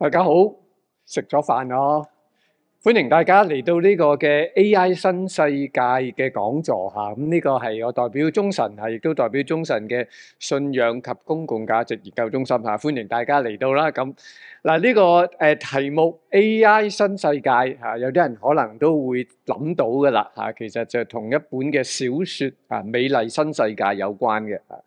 大家好，食咗飯咯，歡迎大家嚟到呢個嘅 AI 新世界嘅講座吓，咁、啊、呢、這個係我代表中神，係亦都代表中神嘅信仰及公共價值研究中心吓、啊，歡迎大家嚟到啦。咁、啊、嗱，呢、這個誒、呃、題目 AI 新世界吓、啊，有啲人可能都會諗到噶啦吓，其實就同一本嘅小說啊《美麗新世界》有關嘅啊。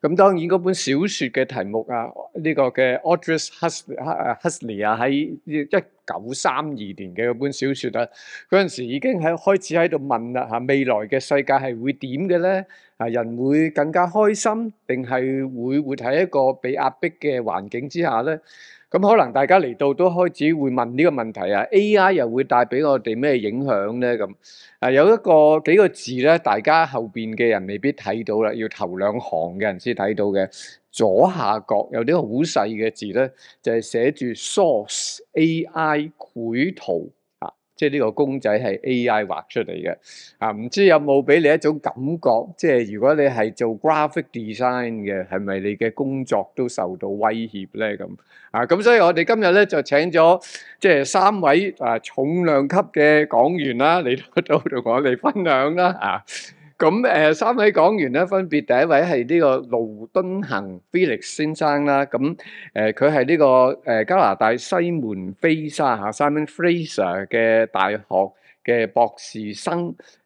咁當然嗰本小説嘅題目啊，呢、這個嘅 Aldous Huxley 啊，喺一九三二年嘅嗰本小説啊，嗰陣時已經喺開始喺度問啦嚇、啊，未來嘅世界係會點嘅咧？啊，人會更加開心，定係會活喺一個被壓迫嘅環境之下咧？可能大家嚟到都開始會問呢個問題啊，AI 又會帶俾我哋咩影響呢？有一個幾個字咧，大家後面嘅人未必睇到啦，要頭兩行嘅人先睇到嘅。左下角有啲好細嘅字咧，就係寫住 Source AI 繪圖。即係呢個公仔係 AI 畫出嚟嘅，啊唔知有冇俾你一種感覺？即係如果你係做 graphic design 嘅，係咪你嘅工作都受到威脅咧？咁啊咁，所以我哋今日咧就請咗即係三位啊重量級嘅講員啦，嚟到度同我哋分享啦，啊！咁誒三位講員咧，分別第一位係呢個盧敦行 Felix 先生啦。咁誒，佢係呢個誒加拿大西門菲莎嚇 Simon Fraser 嘅大學嘅博士生。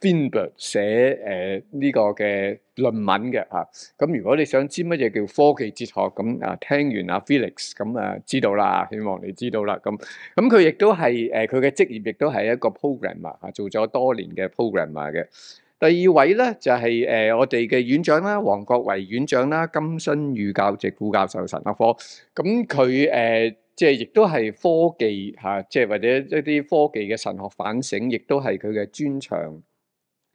Finber 寫呢、呃這個嘅論文嘅嚇，咁、啊、如果你想知乜嘢叫科技哲學，咁啊聽完阿、啊、Felix 咁啊，啊知道啦，希望你知道啦。咁咁佢亦都係誒佢嘅職業亦都係一個 programmer，嚇、啊、做咗多年嘅 programmer 嘅。第二位咧就係、是、誒、呃、我哋嘅院長啦，黃國維院長啦，金新宇教席副教授神學科。咁佢誒即係亦都係科技嚇、啊，即係或者一啲科技嘅神學反省，亦都係佢嘅專長。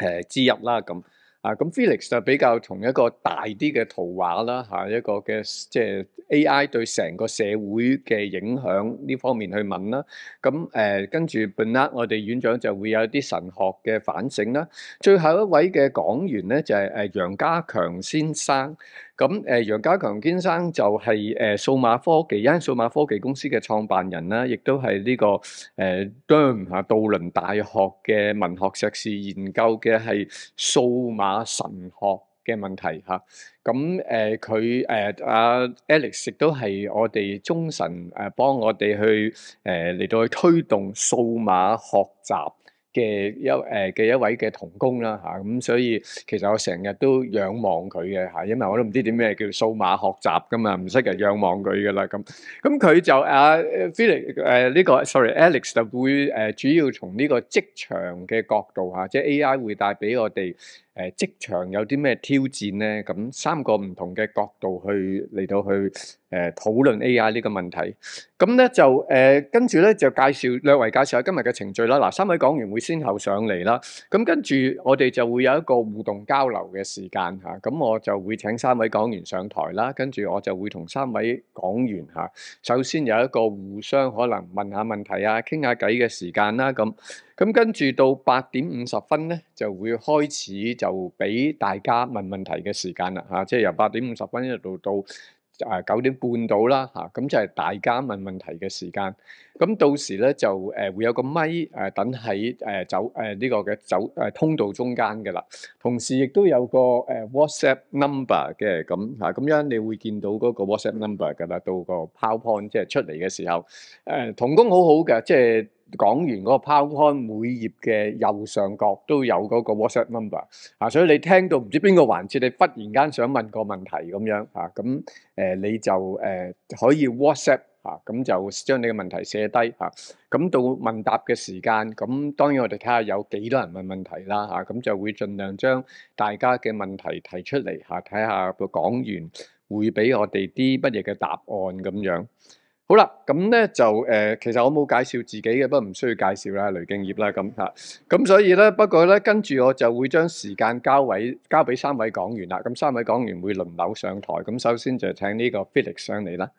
誒資入啦咁啊，咁 Felix 就比較同一個大啲嘅圖畫啦嚇，一個嘅即係 AI 對成個社會嘅影響呢方面去問啦。咁誒、呃、跟住 Bernard 我哋院長就會有一啲神學嘅反省啦。最後一位嘅講員咧就係誒楊家強先生。咁誒、呃、楊家強先生就係、是、誒、呃、數碼科技，因數碼科技公司嘅創辦人啦、啊，亦都係呢、這個誒、呃呃啊、杜倫大學嘅文學碩士，研究嘅係數碼神學嘅問題嚇。咁誒佢誒阿 Alex 亦都係我哋中神誒幫我哋去誒嚟、啊、到去推動數碼學習嘅一誒嘅一位嘅同工啦嚇咁，所以其實我成日都仰望佢嘅嚇，因為我都唔知點咩叫數碼學習噶嘛，唔識人仰望佢嘅啦咁。咁佢就啊，Philip 誒呢個 sorry，Alex 就會、啊、誒主要從呢個職場嘅角度嚇，即、啊、係、就是、AI 會帶俾我哋誒職、呃、場有啲咩挑戰呢？咁三個唔同嘅角度去嚟到去誒、呃、討論 AI 呢個問題。咁、嗯呃、呢，就誒跟住呢就介紹略為，介紹下今日嘅程序啦。嗱，三位講員會先後上嚟啦。咁跟住我哋就會有一個互動交流嘅時間嚇。咁、啊嗯、我就會請三位講員上台啦。跟、啊、住我就會同三位講員嚇、啊，首先有一個互相可能問下問題啊、傾下偈嘅時間啦咁。啊嗯嗯咁跟住到八點五十分咧，就會開始就俾大家問問題嘅時間啦嚇，即係由八點五十分一路到啊九點半到啦嚇，咁就係大家問問題嘅時間。咁、啊、到時咧就誒、呃、會有個咪誒、啊、等喺誒、呃、走誒呢、呃這個嘅走誒、呃、通道中間嘅啦，同時亦都有個誒、呃、WhatsApp number 嘅咁嚇，咁樣、啊、樣你會見到嗰個 WhatsApp number 噶啦，到個 PowerPoint 即係出嚟嘅時候，誒、呃、同工好好嘅，即係。講完嗰個，拋開每頁嘅右上角都有嗰個 WhatsApp number，啊，所以你聽到唔知邊個環節，你忽然間想問個問題咁樣，啊，咁誒、呃、你就誒、呃、可以 WhatsApp，啊，咁就將你嘅問題寫低，啊，咁到問答嘅時間，咁當然我哋睇下有幾多人問問題啦，嚇、啊，咁就會盡量將大家嘅問題提出嚟，嚇、啊，睇下個講員會俾我哋啲乜嘢嘅答案咁樣。啊。好啦，咁咧就誒，其實我冇介紹自己嘅，不過唔需要介紹啦，雷競業啦，咁嚇，咁所以咧，不過咧跟住我就會將時間交委交俾三位講員啦。咁三位講員會輪流上台。咁首先就請呢個 Felix 上嚟啦。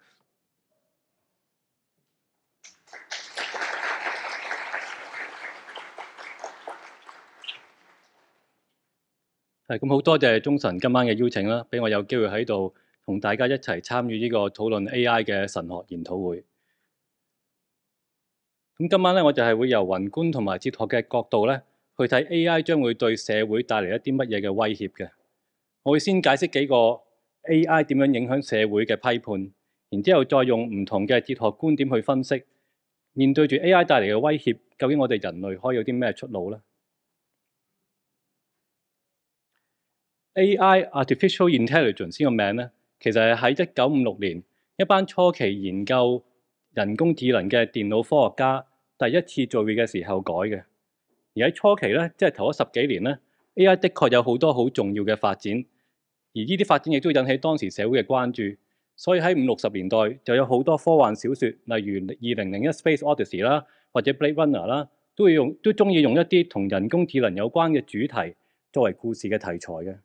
係，咁好多謝中神今晚嘅邀請啦，俾我有機會喺度，同大家一齊參與呢個討論 AI 嘅神學研討會。咁今晚呢，我就係會由宏觀同埋哲學嘅角度呢，去睇 AI 將會對社會帶嚟一啲乜嘢嘅威脅嘅。我會先解釋幾個 AI 點樣影響社會嘅批判，然之後再用唔同嘅哲學觀點去分析面對住 AI 帶嚟嘅威脅，究竟我哋人類可以有啲咩出路呢？a i a r t i f i c i a l Intelligence） 呢個名呢。其實係喺一九五六年，一班初期研究人工智能嘅電腦科學家第一次聚會嘅時候改嘅。而喺初期呢，即係頭嗰十幾年呢，AI 的確有好多好重要嘅發展，而依啲發展亦都引起當時社會嘅關注。所以喺五六十年代就有好多科幻小説，例如《二零零一 Space Odyssey》啦，或者《Blade Runner》啦，都會用都中意用一啲同人工智能有關嘅主題作為故事嘅題材嘅。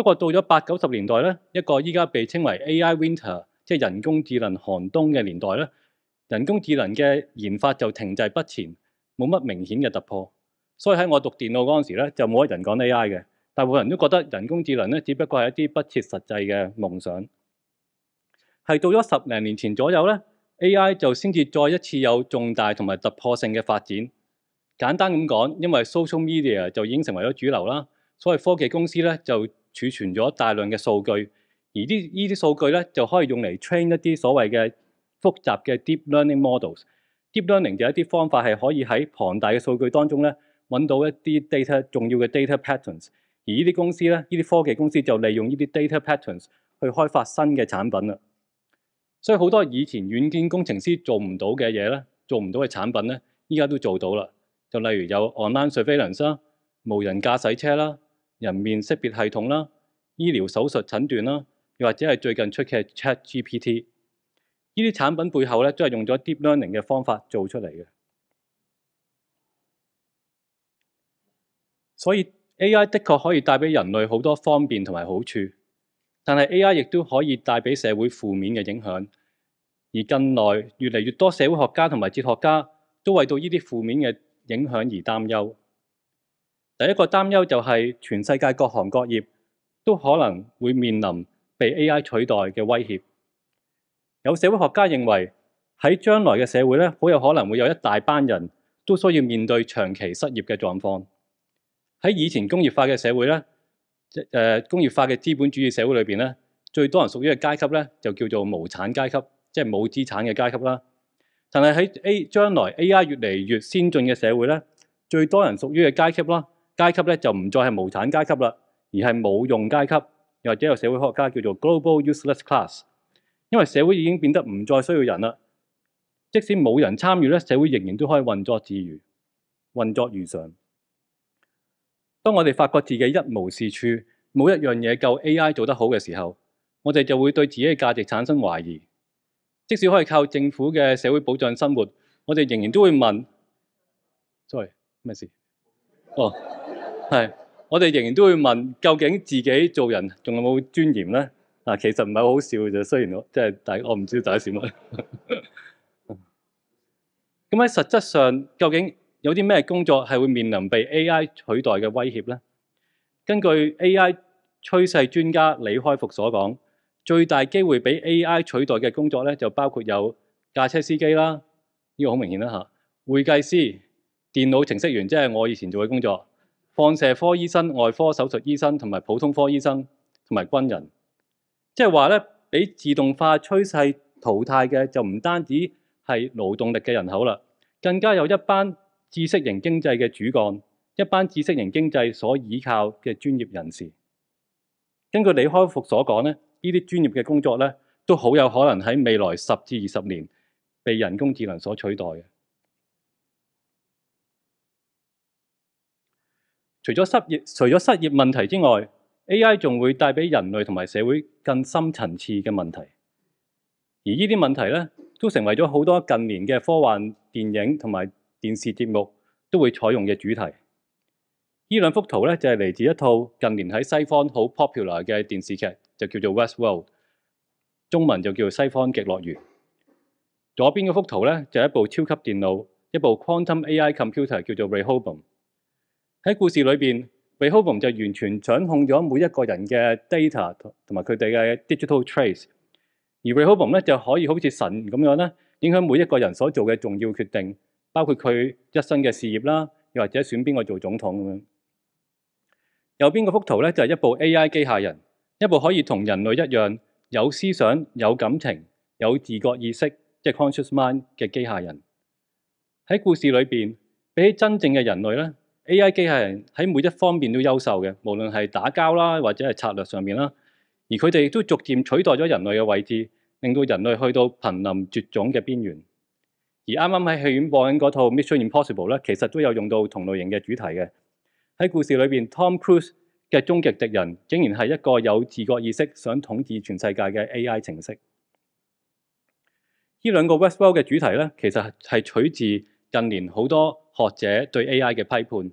不過到咗八九十年代咧，一個依家被稱為 AI Winter，即係人工智能寒冬嘅年代咧。人工智能嘅研發就停滯不前，冇乜明顯嘅突破。所以喺我讀電腦嗰陣時咧，就冇乜人講 AI 嘅。大部分人都覺得人工智能咧，只不過係一啲不切實際嘅夢想。係到咗十零年前左右咧，AI 就先至再一次有重大同埋突破性嘅發展。簡單咁講，因為 social media 就已經成為咗主流啦。所謂科技公司咧，就儲存咗大量嘅數據，而啲依啲數據咧，就可以用嚟 train 一啲所謂嘅複雜嘅 deep learning models。deep learning 就係一啲方法係可以喺龐大嘅數據當中咧，揾到一啲 data 重要嘅 data patterns。而呢啲公司咧，依啲科技公司就利用呢啲 data patterns 去開發新嘅產品啦。所以好多以前軟件工程師做唔到嘅嘢咧，做唔到嘅產品咧，依家都做到啦。就例如有 online surveillance 啦，無人駕駛車啦。人面識別系統啦、醫療手術診斷啦，又或者係最近出嘅 ChatGPT，呢啲產品背後都係用咗 deep learning 嘅方法做出嚟嘅。所以 AI 的確可以帶畀人類好多方便同埋好處，但係 AI 亦都可以帶畀社會負面嘅影響。而近來越嚟越多社會學家同埋哲學家都為到呢啲負面嘅影響而擔憂。第一個擔憂就係全世界各行各業都可能會面臨被 AI 取代嘅威脅。有社會學家認為喺將來嘅社會咧，好有可能會有一大班人都需要面對長期失業嘅狀況。喺以前工業化嘅社會咧，誒、呃、工業化嘅資本主義社會裏邊咧，最多人屬於嘅階級咧就叫做無產階級，即係冇資產嘅階級啦。但係喺 A 將來 AI 越嚟越先進嘅社會咧，最多人屬於嘅階級啦，階級咧就唔再係無產階級啦，而係冇用階級，又或者有社會學家叫做 Global Useless Class，因為社會已經變得唔再需要人啦。即使冇人參與咧，社會仍然都可以運作自如、運作如常。當我哋發覺自己一無是處，冇一樣嘢夠 AI 做得好嘅時候，我哋就會對自己嘅價值產生懷疑。即使可以靠政府嘅社會保障生活，我哋仍然都會問：Sorry，咩事？哦、oh。係，我哋仍然都會問：究竟自己做人仲有冇尊嚴呢？嗱、啊，其實唔係好好笑嘅，雖然我即係，但係我唔知大家點諗。咁 喺實質上，究竟有啲咩工作係會面臨被 AI 取代嘅威脅呢？根據 AI 趨勢專家李開復所講，最大機會俾 AI 取代嘅工作呢，就包括有駕車司機啦，呢、呢個好明顯啦嚇。會計師、電腦程式員，即係我以前做嘅工作。放射科醫生、外科手術醫生同埋普通科醫生同埋軍人，即係話咧，俾自動化趨勢淘汰嘅就唔單止係勞動力嘅人口啦，更加有一班知識型經濟嘅主幹，一班知識型經濟所依靠嘅專業人士。根據李開復所講咧，呢啲專業嘅工作咧，都好有可能喺未來十至二十年被人工智能所取代嘅。除咗失業，除咗失業問題之外，AI 仲會帶俾人類同埋社會更深層次嘅問題。而呢啲問題咧，都成為咗好多近年嘅科幻電影同埋電視節目都會採用嘅主題。呢兩幅圖咧，就係嚟自一套近年喺西方好 popular 嘅電視劇，就叫做《Westworld》，中文就叫《西方極樂園》。左邊嗰幅圖咧，就係一部超級電腦，一部 quantum AI computer，叫做 Rehoboam。喺故事裏面 Rehoboam 就完全掌控咗每一個人嘅 data 同埋佢哋嘅 digital trace，而 Rehoboam 就可以好似神咁樣影響每一個人所做嘅重要決定，包括佢一生嘅事業啦，又或者選邊個做總統咁樣。右邊嗰幅圖咧，就係、是、一部 AI 機械人，一部可以同人類一樣有思想、有感情、有自覺意識（即係 conscious mind） 嘅機械人。喺故事裏面，比起真正嘅人類咧。A.I. 機器人喺每一方面都優秀嘅，無論係打交啦，或者係策略上面啦，而佢哋亦都逐漸取代咗人類嘅位置，令到人類去到瀕臨絕種嘅邊緣。而啱啱喺戲院播緊嗰套《Mission Impossible》咧，其實都有用到同類型嘅主題嘅。喺故事裏邊，Tom Cruise 嘅終極敵人竟然係一個有自覺意識、想統治全世界嘅 A.I. 程式。呢兩個 Westworld 嘅主題咧，其實係取自近年好多學者對 A.I. 嘅批判。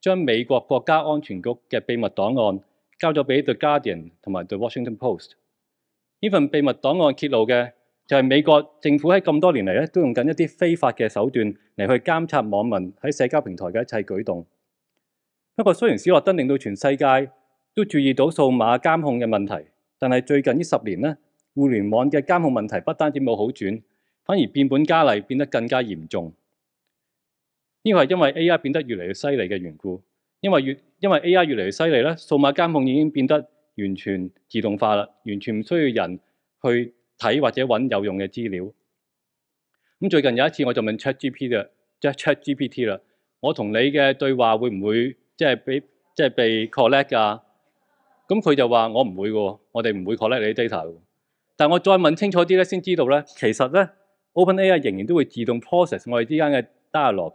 將美國國家安全局嘅秘密檔案交咗俾 The Guardian 同埋 The Washington Post。呢份秘密檔案揭露嘅就係、是、美國政府喺咁多年嚟都用緊一啲非法嘅手段嚟去監察網民喺社交平台嘅一切舉動。不過雖然小洛登令到全世界都注意到數碼監控嘅問題，但係最近呢十年呢，互聯網嘅監控問題不單止冇好轉，反而變本加厲，變得更加嚴重。呢個係因為 A.I. 變得越嚟越犀利嘅緣故，因為、A.I.、越因為 A.I. 越嚟越犀利咧，數碼監控已經變得完全自動化啦，完全唔需要人去睇或者揾有用嘅資料。咁最近有一次，我就問 Chat G.P.T. 啦，即係 Chat G.P.T. 啦，我同你嘅對話會唔會即係俾即係被 collect 㗎？咁佢就話、是、我唔會嘅，我哋唔會 collect 你啲 data。但我再問清楚啲咧，先知道咧，其實咧 Open A.I. 仍然都會自動 process 我哋之間嘅 dialog。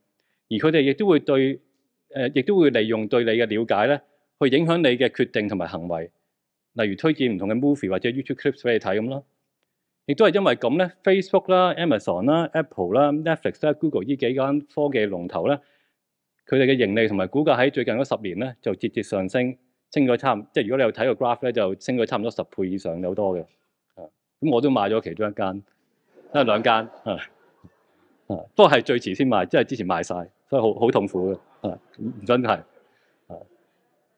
而佢哋亦都會對，誒、呃，亦都會利用對你嘅了解咧，去影響你嘅決定同埋行為。例如推薦唔同嘅 movie 或者 YouTube clips 俾你睇咁咯。亦都係因為咁咧，Facebook 啦、Amazon 啦、Apple 啦、Netflix 啦、Google 呢、e、幾間科技龍頭咧，佢哋嘅盈利同埋股價喺最近嗰十年咧就節節上升，升咗差唔多，即係如果你有睇過 graph 咧，就升咗差唔多十倍以上有好多嘅。啊，咁我都買咗其中一間，啊兩間，啊，啊，不過係最遲先買，即係之前賣晒。都好好痛苦嘅，啊，真係啊！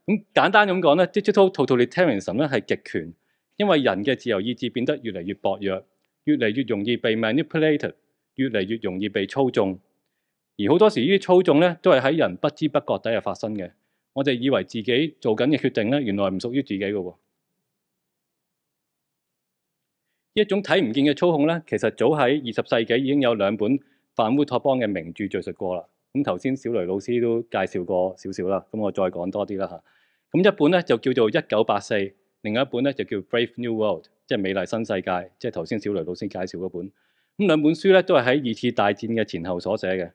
咁簡單咁講咧 Digital totalitarianism 咧係極權，因為人嘅自由意志變得越嚟越薄弱，越嚟越容易被 manipulated，越嚟越容易被操縱。而好多時呢啲操縱咧，都係喺人不知不覺底下發生嘅。我哋以為自己做緊嘅決定咧，原來唔屬於自己嘅喎。一種睇唔見嘅操控咧，其實早喺二十世紀已經有兩本反烏托邦嘅名著敍述過啦。咁頭先小雷老師都介紹過少少啦，咁我再講多啲啦嚇。咁一本咧就叫做《一九八四》，另外一本咧就叫《Brave New World》，即係美麗新世界，即係頭先小雷老師介紹嗰本。咁兩本書咧都係喺二次大戰嘅前後所寫嘅。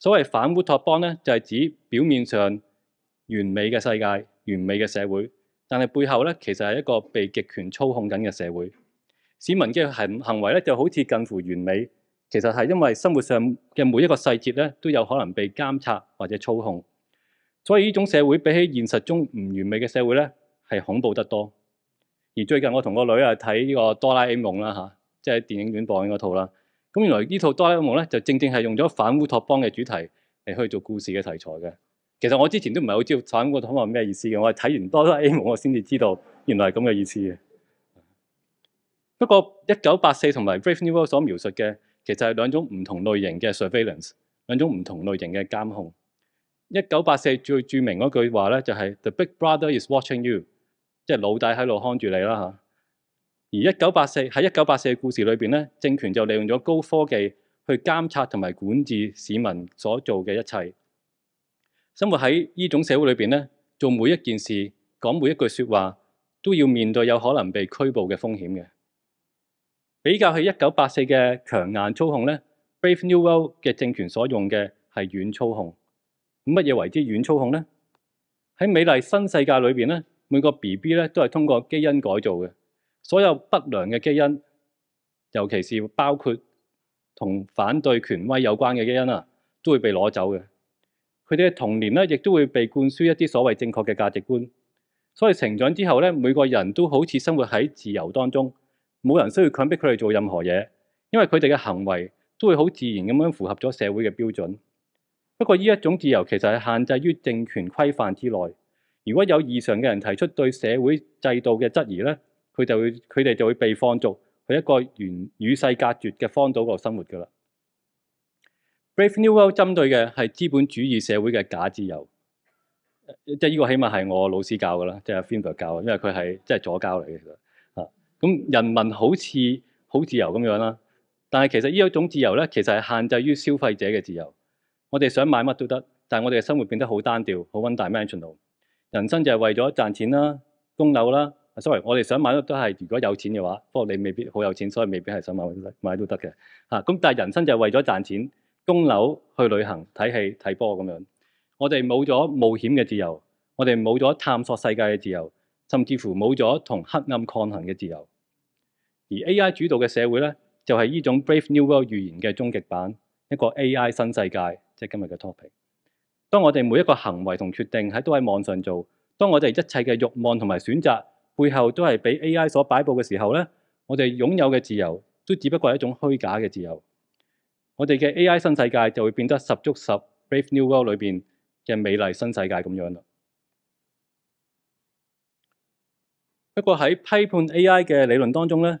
所謂反烏托邦咧，就係指表面上完美嘅世界、完美嘅社會，但係背後咧其實係一個被極權操控緊嘅社會，市民嘅行行為咧就好似近乎完美。其實係因為生活上嘅每一個細節咧，都有可能被監察或者操控，所以呢種社會比起現實中唔完美嘅社會咧，係恐怖得多。而最近我同個女啊睇呢個《哆啦 A 夢》啦吓，即係喺電影院播緊嗰套啦。咁原來呢套《哆啦 A 夢》咧就正正係用咗反烏托邦嘅主題嚟去做故事嘅題材嘅。其實我之前都唔係好知道反烏托邦係咩意思嘅，我係睇完《哆啦 A 夢》我先至知道原來係咁嘅意思嘅。不過一九八四同埋 Brave New World 所描述嘅。其實係兩種唔同類型嘅 surveillance，兩種唔同類型嘅監控。一九八四最著名嗰句話咧、就係，就係 The Big Brother is watching you，即係老大喺度看住你啦嚇。而一九八四喺一九八四嘅故事裏邊咧，政權就利用咗高科技去監察同埋管治市民所做嘅一切。生活喺呢種社會裏邊咧，做每一件事、講每一句説話，都要面對有可能被拘捕嘅風險嘅。比較起一九八四嘅強硬操控咧，Brave New World 嘅政權所用嘅係軟操控。乜嘢為之軟操控咧？喺美麗新世界裏邊咧，每個 B B 咧都係通過基因改造嘅，所有不良嘅基因，尤其是包括同反對權威有關嘅基因啊，都會被攞走嘅。佢哋嘅童年咧，亦都會被灌輸一啲所謂正確嘅價值觀，所以成長之後咧，每個人都好似生活喺自由當中。冇人需要強迫佢哋做任何嘢，因為佢哋嘅行為都會好自然咁樣符合咗社會嘅標準。不過呢一種自由其實係限制於政權規範之內。如果有異常嘅人提出對社會制度嘅質疑咧，佢就會佢哋就會被放逐去一個與與世隔絕嘅荒島度生活㗎啦。Brave New World 針對嘅係資本主義社會嘅假自由，即係依個起碼係我老師教㗎啦，即係 Fisher 教，因為佢係即係左膠嚟嘅。咁人民好似好自由咁樣啦，但係其實呢一種自由咧，其實係限制於消費者嘅自由。我哋想買乜都得，但係我哋嘅生活變得好單調，好 one-dimensional。人生就係為咗賺錢啦、供樓啦。Sorry，我哋想買都都係，如果有錢嘅話，不過你未必好有錢，所以未必係想買買都得嘅嚇。咁但係人生就係為咗賺錢、供樓、去旅行、睇戲、睇波咁樣。我哋冇咗冒險嘅自由，我哋冇咗探索世界嘅自由，甚至乎冇咗同黑暗抗衡嘅自由。而 AI 主導嘅社會呢，就係、是、呢種 Brave New World 預言嘅終極版，一個 AI 新世界，即、就、係、是、今日嘅 topic。當我哋每一個行為同決定喺都喺網上做，當我哋一切嘅欲望同埋選擇背後都係俾 AI 所擺布嘅時候呢，我哋擁有嘅自由都只不過係一種虛假嘅自由。我哋嘅 AI 新世界就會變得十足十 Brave New World 裏面嘅美麗新世界咁樣啦。不過喺批判 AI 嘅理論當中呢。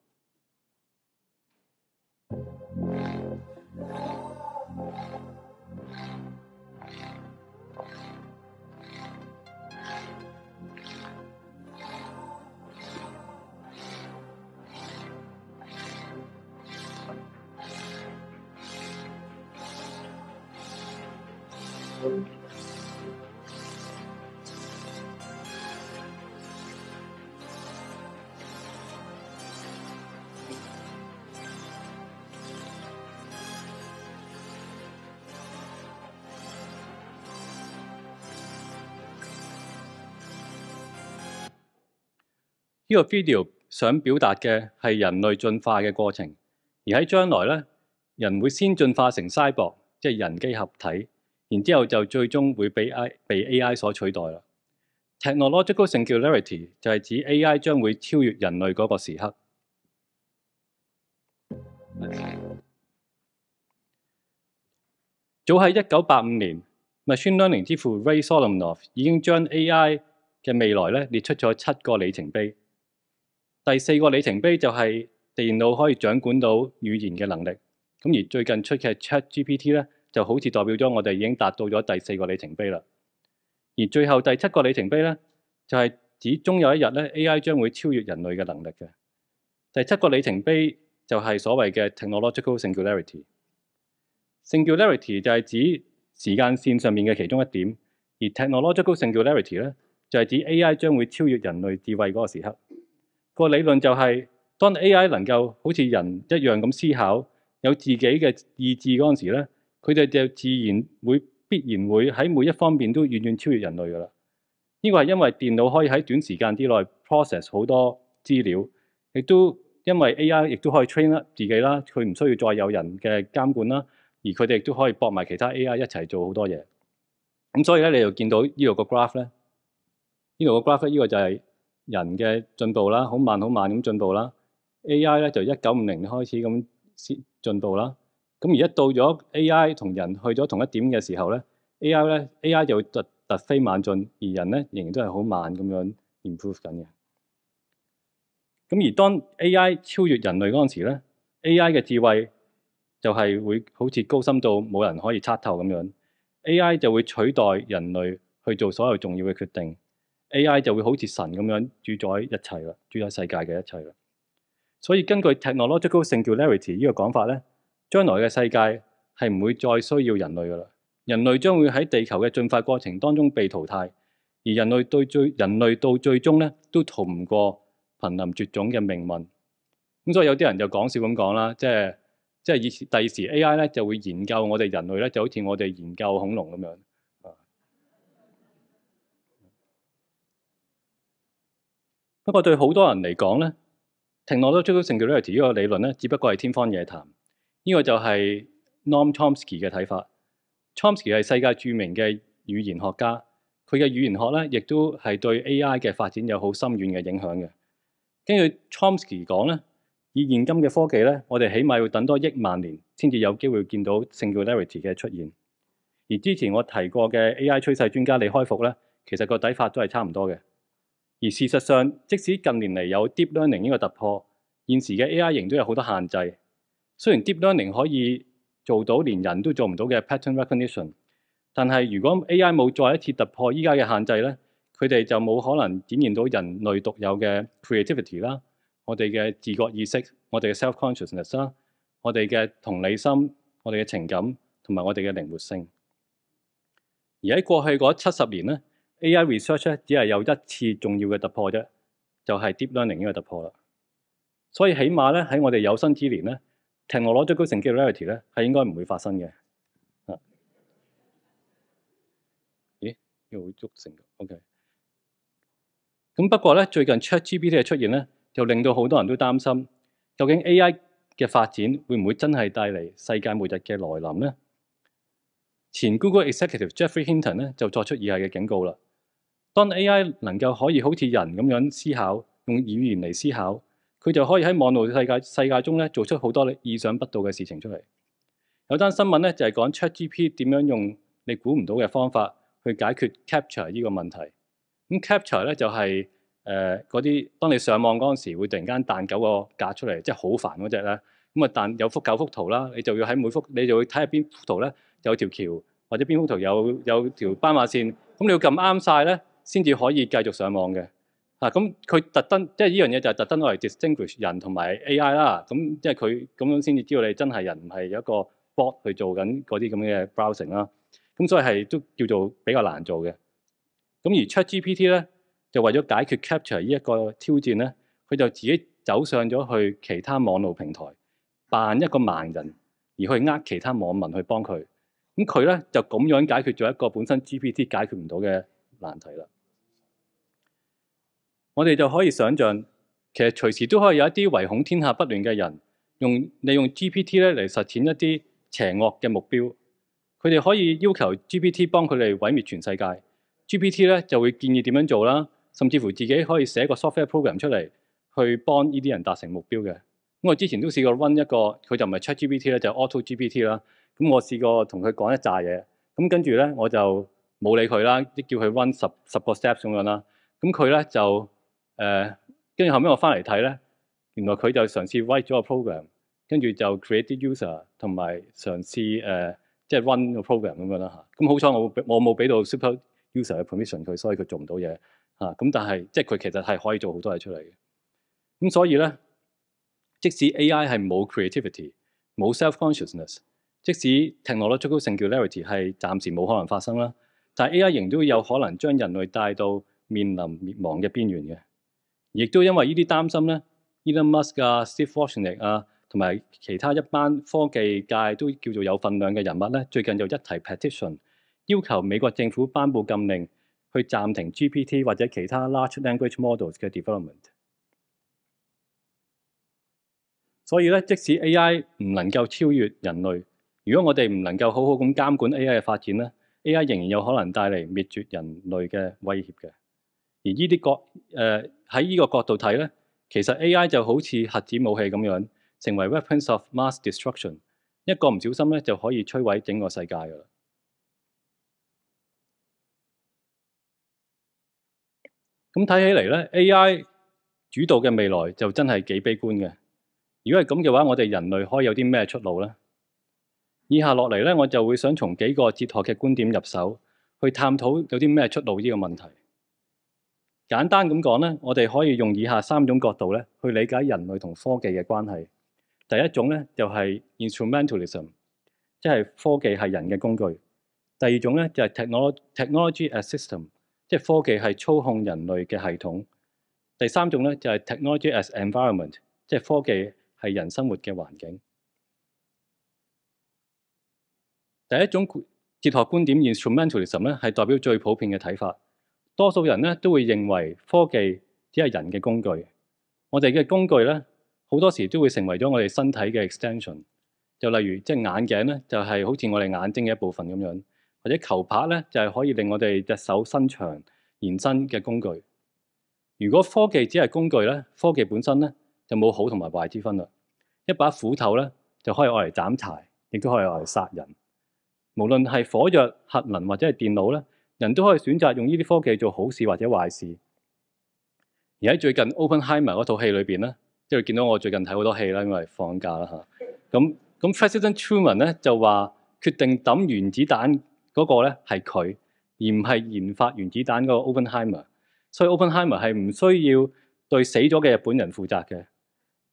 呢個 video 想表達嘅係人類進化嘅過程，而喺將來呢，人會先進化成 cyborg，即係人機合體，然之後就最終會被 AI 被 AI 所取代啦。Technological singularity 就係指 AI 將會超越人類嗰個時刻。早喺一九八五年，Machine Learning 之父 Ray Solomonoff 已經將 AI 嘅未來咧列出咗七個里程碑。第四個里程碑就係電腦可以掌管到語言嘅能力。而最近出嘅 Chat GPT 就好似代表咗我哋已經達到咗第四個里程碑啦。而最後第七個里程碑咧，就係指終有一日咧 AI 將會超越人類嘅能力嘅。第七個里程碑就係所謂嘅 Technological Singularity。Singularity 就係指時間線上面嘅其中一點，而 Technological Singularity 咧就係指 AI 將會超越人類智慧嗰個時刻。個理論就係、是、當 A.I. 能夠好似人一樣咁思考，有自己嘅意志嗰陣時咧，佢哋就自然會必然會喺每一方面都遠遠超越人類噶啦。呢個係因為電腦可以喺短時間之內 process 好多資料，亦都因為 A.I. 亦都可以 train up 自己啦，佢唔需要再有人嘅監管啦，而佢哋亦都可以博埋其他 A.I. 一齊做好多嘢。咁所以咧，你就見到呢度個 graph 咧，呢度個 graph 呢，graph 呢、這個就係、是。人嘅進步啦，好慢好慢咁進步啦。AI 咧就一九五零開始咁先進步啦。咁而一到咗 AI 同人去咗同一點嘅時候咧，AI 咧 AI 就會突突飛猛進，而人咧仍然都係好慢咁樣 improve 緊嘅。咁而當 AI 超越人類嗰陣時咧，AI 嘅智慧就係會好似高深到冇人可以測透咁樣，AI 就會取代人類去做所有重要嘅決定。A.I. 就會好似神咁樣主宰一切啦，主宰世界嘅一切啦。所以根據 Technological Singularity 呢個講法咧，將來嘅世界係唔會再需要人類噶啦，人類將會喺地球嘅進化過程當中被淘汰，而人類對最人類到最終咧都逃唔過瀕臨絕種嘅命運。咁所以有啲人就講笑咁講啦，即係即係以第二時 A.I. 咧就會研究我哋人類咧，就好似我哋研究恐龍咁樣。不過對好多人嚟講咧，停落咗 Singularity 呢個理論咧，只不過係天方夜譚。呢、這個就係 Noam Chomsky 嘅睇法。Chomsky 係世界著名嘅語言學家，佢嘅語言學咧，亦都係對 AI 嘅發展有好深遠嘅影響嘅。根據 Chomsky 講咧，以現今嘅科技咧，我哋起碼要等多億萬年，先至有機會見到 Singularity 嘅出現。而之前我提過嘅 AI 趨勢專家李開復咧，其實個底法都係差唔多嘅。而事實上，即使近年嚟有 deep learning 呢個突破，現時嘅 AI 仍都有好多限制。雖然 deep learning 可以做到連人都做唔到嘅 pattern recognition，但係如果 AI 冇再一次突破依家嘅限制咧，佢哋就冇可能展現到人類獨有嘅 creativity 啦，我哋嘅自覺意識，我哋嘅 self consciousness 啦，conscious ness，我哋嘅同理心，我哋嘅情感同埋我哋嘅靈活性。而喺過去嗰七十年咧，AI research 咧，只係有一次重要嘅突破啫，就係、是、deep learning 呢個突破啦。所以起碼咧喺我哋有生之年咧，Turing Award 嘅 reality 咧係應該唔會發生嘅。啊？咦？又、這個、足成嘅？OK。咁不過咧，最近 ChatGPT 嘅出現咧，就令到好多人都擔心，究竟 AI 嘅發展會唔會真係帶嚟世界末日嘅來臨咧？前 Google Executive Geoffrey Hinton 咧就作出以下嘅警告啦。當 AI 能夠可以好似人咁樣思考，用語言嚟思考，佢就可以喺網絡世界世界中咧做出好多你意想不到嘅事情出嚟。有單新聞咧就係、是、講 ChatGPT 點樣用你估唔到嘅方法去解決 Capture 呢個問題。咁、嗯、Capture 咧就係誒嗰啲，當你上網嗰陣時會突然間彈九個格出嚟，即係好煩嗰隻啦。咁啊彈有幅九幅圖啦，你就要喺每幅你就要睇下邊幅圖咧有條橋，或者邊幅圖有有條斑馬線，咁你要撳啱晒咧，先至可以繼續上網嘅嚇，咁、啊、佢特登即係呢、啊、樣嘢就係特登攞嚟 distinguish 人同埋 A.I. 啦。咁即係佢咁樣先至知道你真係人，唔係有一個 bot 去做緊嗰啲咁嘅 browsing 啦。咁、啊嗯、所以係都叫做比較難做嘅。咁、啊、而 ChatGPT 咧就為咗解決 capture 呢一個挑戰咧，佢就自己走上咗去其他網絡平台扮一個盲人，而去呃其他網民去幫佢。咁佢咧就咁樣解決咗一個本身 GPT 解決唔到嘅難題啦。我哋就可以想像，其實隨時都可以有一啲唯恐天下不亂嘅人，用利用 GPT 咧嚟實踐一啲邪惡嘅目標。佢哋可以要求 GPT 幫佢哋毀滅全世界。GPT 就會建議點樣做啦，甚至乎自己可以寫一個 software program 出嚟，去幫呢啲人達成目標嘅。我之前都試過 run 一個，佢就唔係 Chat GPT 就係 Auto GPT 啦。咁我試過同佢講一紮嘢，咁跟住咧我就冇理佢啦，即叫佢 run 十十個 steps 咁樣啦。咁佢咧就～誒，跟住、uh, 後屘我翻嚟睇咧，原來佢就嘗試 write 咗個 program，跟住就 create 啲 user，同埋嘗試誒、uh, 即係 run 個 program 咁樣啦嚇。咁、嗯、好彩我我冇俾到 super user 嘅 permission 佢，所以佢做唔到嘢嚇。咁、啊、但係即係佢其實係可以做好多嘢出嚟嘅。咁、嗯、所以咧，即使 AI 係冇 creativity，冇 self-consciousness，即使 technological singularity 係暫時冇可能發生啦，但係 AI 仍都有可能將人類帶到面臨滅亡嘅邊緣嘅。亦都因為擔呢啲擔心咧，Elon Musk 啊、Steve Wozniak 啊，同埋其他一班科技界都叫做有份量嘅人物咧，最近就一齊 petition 要求美國政府頒布禁令，去暫停 GPT 或者其他 Large Language Models 嘅 development。所以咧，即使 AI 唔能夠超越人類，如果我哋唔能夠好好咁監管 AI 嘅發展咧，AI 仍然有可能帶嚟滅絕人類嘅威脅嘅。而依啲角，呃、喺依個角度睇咧，其實 AI 就好似核子武器咁樣，成為 weapons of mass destruction，一個唔小心就可以摧毀整個世界噶啦。咁睇起嚟咧，AI 主導嘅未來就真係幾悲觀嘅。如果係咁嘅話，我哋人類可以有啲咩出路呢？以下落嚟呢，我就會想從幾個哲學嘅觀點入手，去探討有啲咩出路呢個問題。簡單咁講咧，我哋可以用以下三種角度咧去理解人類同科技嘅關係。第一種咧就係 instrumentalism，即係科技係人嘅工具。第二種咧就係 technology technology as system，即係科技係操控人類嘅系統。第三種咧就係 technology as environment，即係科技係人生活嘅環境。第一種哲學觀點 instrumentalism 咧係代表最普遍嘅睇法。多數人咧都會認為科技只係人嘅工具，我哋嘅工具咧好多時都會成為咗我哋身體嘅 extension。就例如即係、就是、眼鏡咧，就係、是、好似我哋眼睛嘅一部分咁樣；或者球拍咧，就係、是、可以令我哋隻手伸長延伸嘅工具。如果科技只係工具咧，科技本身咧就冇好同埋壞之分啦。一把斧頭咧就可以用嚟斬柴，亦都可以用嚟殺人。無論係火藥、核能或者係電腦咧。人都可以選擇用呢啲科技做好事或者壞事。而喺最近 Oppenheimer 嗰套戲裏邊咧，即係見到我最近睇好多戲啦，因為放假啦嚇。咁咁，President Truman 咧就話決定抌原子彈嗰個咧係佢，而唔係研發原子彈嗰個 Oppenheimer。所以 Oppenheimer 係唔需要對死咗嘅日本人負責嘅。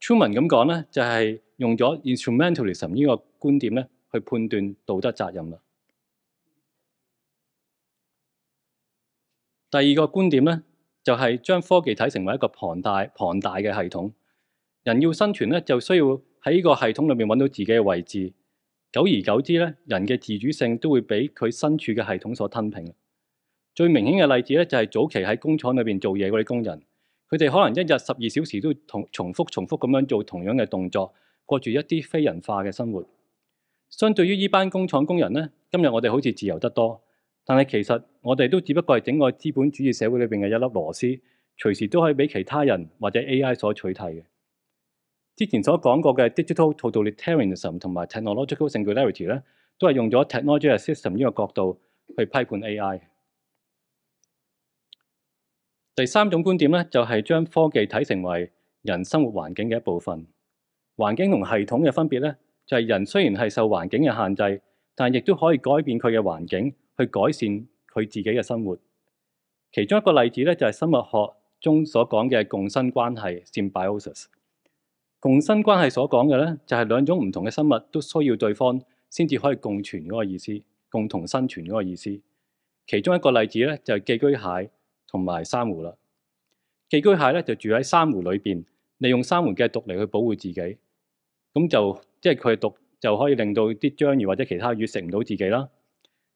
Truman 咁講咧就係、是、用咗 instrumentalism 呢個觀點咧去判斷道德責任啦。第二個觀點呢，就係將科技睇成為一個龐大龐大嘅系統。人要生存呢，就需要喺呢個系統裏面揾到自己嘅位置。久而久之呢，人嘅自主性都會俾佢身處嘅系統所吞平。最明顯嘅例子呢，就係早期喺工廠裏面做嘢嗰啲工人，佢哋可能一日十二小時都重複重複咁樣做同樣嘅動作，過住一啲非人化嘅生活。相對於呢班工廠工人呢，今日我哋好似自由得多。但係，其實我哋都只不過係整個資本主義社會裏邊嘅一粒螺絲，隨時都可以俾其他人或者 AI 所取替嘅。之前所講過嘅 digital totalitarianism 同埋 technological singularity 咧，都係用咗 technological system 呢個角度去批判 AI。第三種觀點咧，就係、是、將科技睇成為人生活環境嘅一部分。環境同系統嘅分別咧，就係、是、人雖然係受環境嘅限制，但亦都可以改變佢嘅環境。去改善佢自己嘅生活。其中一個例子咧，就係、是、生物學中所講嘅共生關係 （symbiosis）。共生關係所講嘅咧，就係、是、兩種唔同嘅生物都需要對方先至可以共存嗰個意思，共同生存嗰個意思。其中一個例子咧，就係、寄居蟹同埋珊瑚啦。寄居蟹咧就住喺珊瑚裏邊，利用珊瑚嘅毒嚟去保護自己。咁就即係佢嘅毒就可以令到啲章魚或者其他魚食唔到自己啦。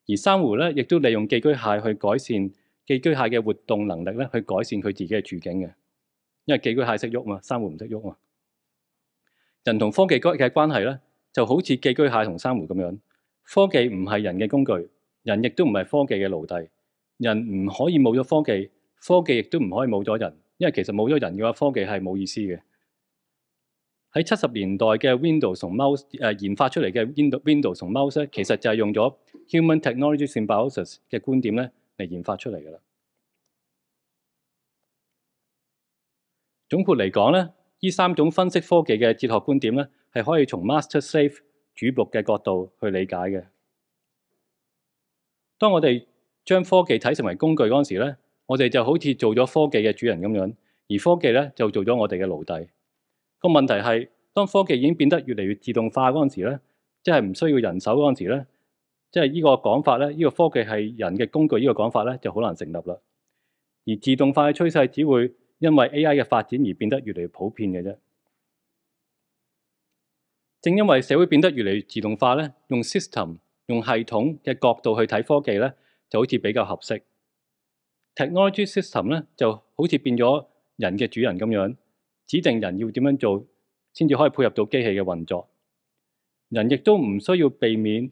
而珊瑚咧，亦都利用寄居蟹去改善寄居蟹嘅活動能力咧，去改善佢自己嘅處境嘅。因為寄居蟹識喐嘛，珊瑚唔識喐嘛。人同科技嘅關係咧，就好似寄居蟹同珊瑚咁樣。科技唔係人嘅工具，人亦都唔係科技嘅奴隸。人唔可以冇咗科技，科技亦都唔可以冇咗人。因為其實冇咗人嘅話，科技係冇意思嘅。喺七十年代嘅 Windows 同 Mouse、呃、研發出嚟嘅 Windows w 同 Mouse 其實就係用咗 Human Technology Symbiosis 嘅觀點嚟研發出嚟噶啦。總括嚟講咧，呢三種分析科技嘅哲學觀點咧，係可以從 Master-Slave 主僕嘅角度去理解嘅。當我哋將科技睇成為工具嗰時咧，我哋就好似做咗科技嘅主人咁樣，而科技咧就做咗我哋嘅奴隸。個問題係，當科技已經變得越嚟越自動化嗰陣時咧，即係唔需要人手嗰陣時咧，即係呢個講法咧，呢、呢個科技係人嘅工具呢個講法咧就好難成立啦。而自動化嘅趨勢只會因為 AI 嘅發展而變得越嚟越普遍嘅啫。正因為社會變得越嚟越自動化咧，用 system、用系統嘅角度去睇科技咧，就好似比較合適。Technology system 咧就好似變咗人嘅主人咁樣。指定人要點樣做，先至可以配合到機器嘅運作。人亦都唔需要避免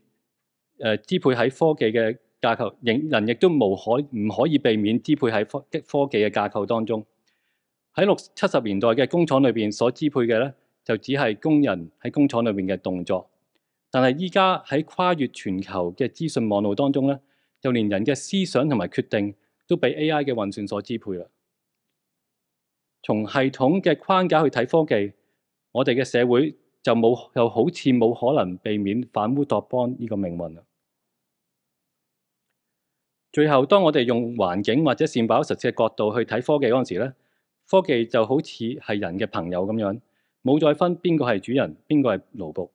誒支配喺科技嘅架構，人亦都無可唔可以避免支配喺科科技嘅架構當中。喺六七十年代嘅工廠裏邊所支配嘅咧，就只係工人喺工廠裏邊嘅動作。但係依家喺跨越全球嘅資訊網路當中咧，就連人嘅思想同埋決定都俾 AI 嘅運算所支配啦。從系統嘅框架去睇科技，我哋嘅社會就冇又好似冇可能避免反烏托邦呢個命運。最後，當我哋用環境或者善保實踐嘅角度去睇科技嗰陣時候，科技就好似係人嘅朋友咁樣，冇再分邊個係主人，邊個係奴僕。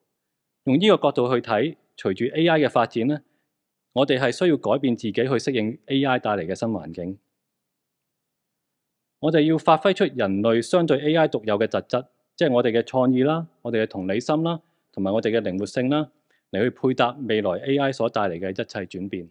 用呢個角度去睇，隨住 AI 嘅發展咧，我哋係需要改變自己去適應 AI 帶嚟嘅新環境。我哋要發揮出人類相對 AI 獨有嘅特質，即係我哋嘅創意啦，我哋嘅同理心啦，同埋我哋嘅靈活性啦，嚟去配搭未來 AI 所帶嚟嘅一切轉變。